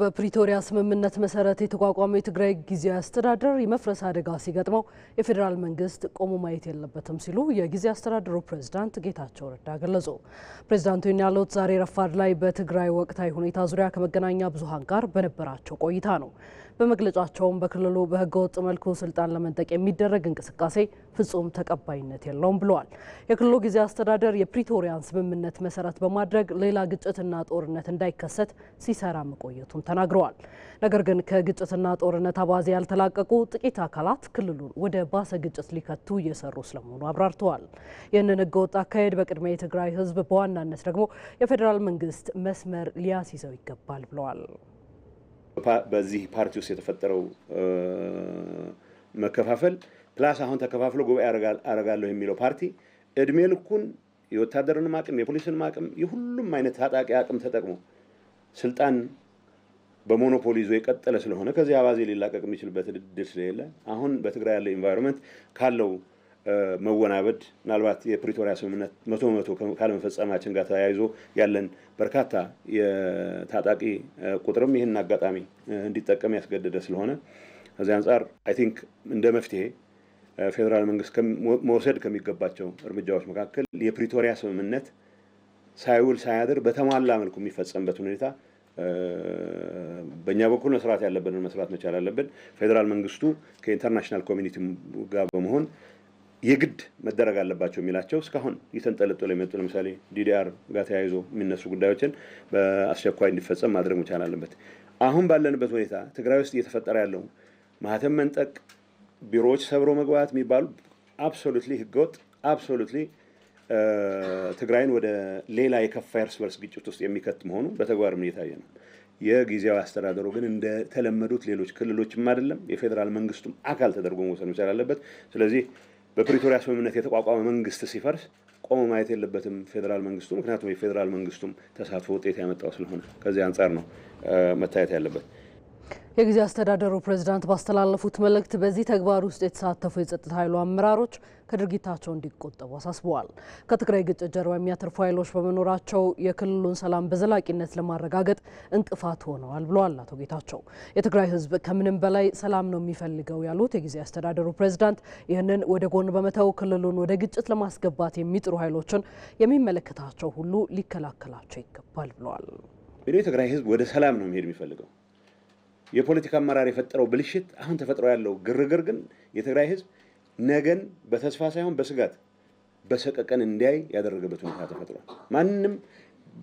በፕሪቶሪያ ስምምነት መሰረት የተቋቋመው የትግራይ ጊዜያዊ አስተዳደር የመፍረስ አደጋ ሲገጥመው የፌዴራል መንግስት ቆሞ ማየት የለበትም ሲሉ የጊዜያዊ አስተዳደሩ ፕሬዝዳንት ጌታቸው ረዳ ገለጹ። ፕሬዚዳንቱ ይህን ያሉት ዛሬ ረፋድ ላይ በትግራይ ወቅታዊ ሁኔታ ዙሪያ ከመገናኛ ብዙሃን ጋር በነበራቸው ቆይታ ነው። በመግለጫቸውም በክልሉ በህገወጥ መልኩ ስልጣን ለመንጠቅ የሚደረግ እንቅስቃሴ ፍጹም ተቀባይነት የለውም ብለዋል። የክልሉ ጊዜያዊ አስተዳደር የፕሪቶሪያን ስምምነት መሰረት በማድረግ ሌላ ግጭትና ጦርነት እንዳይከሰት ሲሰራ መቆየቱ መሆናቸውን ተናግረዋል። ነገር ግን ከግጭትና ጦርነት አባዜ ያልተላቀቁ ጥቂት አካላት ክልሉን ወደ ባሰ ግጭት ሊከቱ እየሰሩ ስለመሆኑ አብራርተዋል። ይህንን ህገወጥ አካሄድ በቅድሚያ የትግራይ ህዝብ፣ በዋናነት ደግሞ የፌዴራል መንግስት መስመር ሊያስይዘው ይገባል ብለዋል። በዚህ ፓርቲ ውስጥ የተፈጠረው መከፋፈል ፕላስ አሁን ተከፋፍሎ ጉባኤ አረጋለሁ የሚለው ፓርቲ እድሜ ልኩን የወታደርንም አቅም የፖሊስንም አቅም የሁሉም አይነት ታጣቂ አቅም ተጠቅሞ ስልጣን በሞኖፖሊ ይዞ የቀጠለ ስለሆነ ከዚህ አባዜ ሊላቀቅ የሚችልበት እድል ስለሌለ አሁን በትግራይ ያለው ኢንቫይሮንመንት ካለው መወናበድ ምናልባት የፕሪቶሪያ ስምምነት መቶ በመቶ ካለመፈጸማችን ጋር ተያይዞ ያለን በርካታ የታጣቂ ቁጥርም ይህን አጋጣሚ እንዲጠቀም ያስገደደ ስለሆነ ከዚህ አንጻር አይ ቲንክ እንደ መፍትሄ ፌዴራል መንግስት መውሰድ ከሚገባቸው እርምጃዎች መካከል የፕሪቶሪያ ስምምነት ሳይውል ሳያድር በተሟላ መልኩ የሚፈጸምበት ሁኔታ በእኛ በኩል መስራት ያለብንን መስራት መቻል አለብን። ፌዴራል መንግስቱ ከኢንተርናሽናል ኮሚኒቲ ጋር በመሆን የግድ መደረግ አለባቸው የሚላቸው እስካሁን እየተንጠለጠሉ የመጡ ለምሳሌ ዲዲአር ጋር ተያይዞ የሚነሱ ጉዳዮችን በአስቸኳይ እንዲፈጸም ማድረግ መቻል አለበት። አሁን ባለንበት ሁኔታ ትግራይ ውስጥ እየተፈጠረ ያለው ማህተም መንጠቅ፣ ቢሮዎች ሰብሮ መግባት የሚባሉ አብሶሉትሊ ህገወጥ አብሶሉትሊ ትግራይን ወደ ሌላ የከፋ እርስ በርስ ግጭት ውስጥ የሚከት መሆኑ በተግባርም እየታየ ነው። የጊዜያዊ አስተዳደሩ ግን እንደተለመዱት ሌሎች ክልሎችም አይደለም የፌዴራል መንግስቱም አካል ተደርጎ መውሰድ መቻል አለበት። ስለዚህ በፕሪቶሪያ ስምምነት የተቋቋመ መንግስት ሲፈርስ ቆሞ ማየት የለበትም ፌዴራል መንግስቱ። ምክንያቱም የፌዴራል መንግስቱም ተሳትፎ ውጤት ያመጣው ስለሆነ ከዚህ አንጻር ነው መታየት ያለበት። የጊዜ አስተዳደሩ ፕሬዝዳንት ባስተላለፉት መልእክት በዚህ ተግባር ውስጥ የተሳተፉ የጸጥታ ኃይሉ አመራሮች ከድርጊታቸው እንዲቆጠቡ አሳስበዋል። ከትግራይ ግጭት ጀርባ የሚያተርፉ ኃይሎች በመኖራቸው የክልሉን ሰላም በዘላቂነት ለማረጋገጥ እንቅፋት ሆነዋል ብለዋል አቶ ጌታቸው። የትግራይ ሕዝብ ከምንም በላይ ሰላም ነው የሚፈልገው ያሉት የጊዜ አስተዳደሩ ፕሬዝዳንት ይህንን ወደ ጎን በመተው ክልሉን ወደ ግጭት ለማስገባት የሚጥሩ ኃይሎችን የሚመለከታቸው ሁሉ ሊከላከላቸው ይገባል ብለዋል። የትግራይ ሕዝብ ወደ ሰላም ነው መሄድ የሚፈልገው የፖለቲካ አመራር የፈጠረው ብልሽት፣ አሁን ተፈጥሮ ያለው ግርግር ግን የትግራይ ህዝብ ነገን በተስፋ ሳይሆን በስጋት በሰቀቀን እንዲያይ ያደረገበት ሁኔታ ተፈጥሯል። ማንም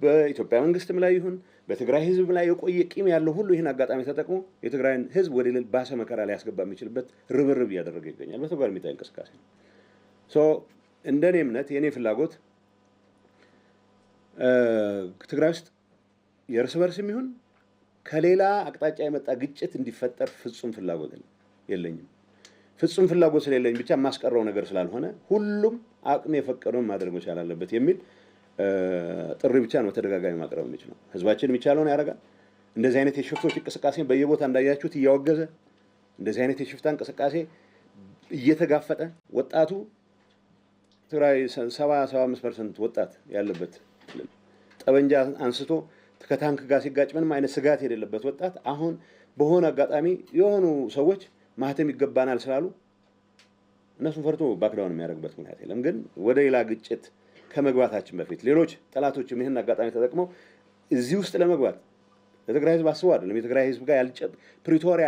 በኢትዮጵያ መንግስትም ላይ ይሁን በትግራይ ህዝብ ላይ የቆየ ቂም ያለው ሁሉ ይህን አጋጣሚ ተጠቅሞ የትግራይን ህዝብ ወደ ሌል ባሰ መከራ ሊያስገባ የሚችልበት ርብርብ እያደረገ ይገኛል። በተግባር የሚታይ እንቅስቃሴ ነው። እንደ እኔ እምነት የእኔ ፍላጎት ትግራይ ውስጥ የእርስ በርስ የሚሆን ከሌላ አቅጣጫ የመጣ ግጭት እንዲፈጠር ፍጹም ፍላጎት የለኝም። ፍጹም ፍላጎት ስለሌለኝ ብቻ የማስቀረው ነገር ስላልሆነ ሁሉም አቅም የፈቀደውን ማድረግ መቻል አለበት የሚል ጥሪ ብቻ ነው በተደጋጋሚ ማቅረብ የሚችለው። ህዝባችን የሚቻለውን ያደርጋል። እንደዚህ አይነት የሽፍቶች እንቅስቃሴ በየቦታ እንዳያችሁት እያወገዘ እንደዚህ አይነት የሽፍታ እንቅስቃሴ እየተጋፈጠ ወጣቱ ትግራይ ሰባ ሰባ አምስት ፐርሰንት ወጣት ያለበት ጠበንጃ አንስቶ ከታንክ ጋር ሲጋጭ ምንም አይነት ስጋት የሌለበት ወጣት አሁን በሆነ አጋጣሚ የሆኑ ሰዎች ማህተም ይገባናል ስላሉ እነሱን ፈርቶ ባክዳውን የሚያደርግበት ምክንያት የለም። ግን ወደ ሌላ ግጭት ከመግባታችን በፊት ሌሎች ጠላቶችም ይህን አጋጣሚ ተጠቅመው እዚህ ውስጥ ለመግባት ለትግራይ ህዝብ አስቡ አይደለም። የትግራይ ህዝብ ጋር ያልጨ ፕሪቶሪያ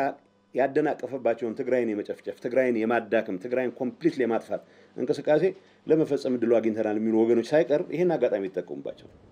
ያደናቀፈባቸውን ትግራይን የመጨፍጨፍ ትግራይን የማዳክም ትግራይን ኮምፕሊት የማጥፋት እንቅስቃሴ ለመፈጸም እድሉ አግኝተናል የሚሉ ወገኖች ሳይቀር ይህን አጋጣሚ ይጠቀሙባቸው።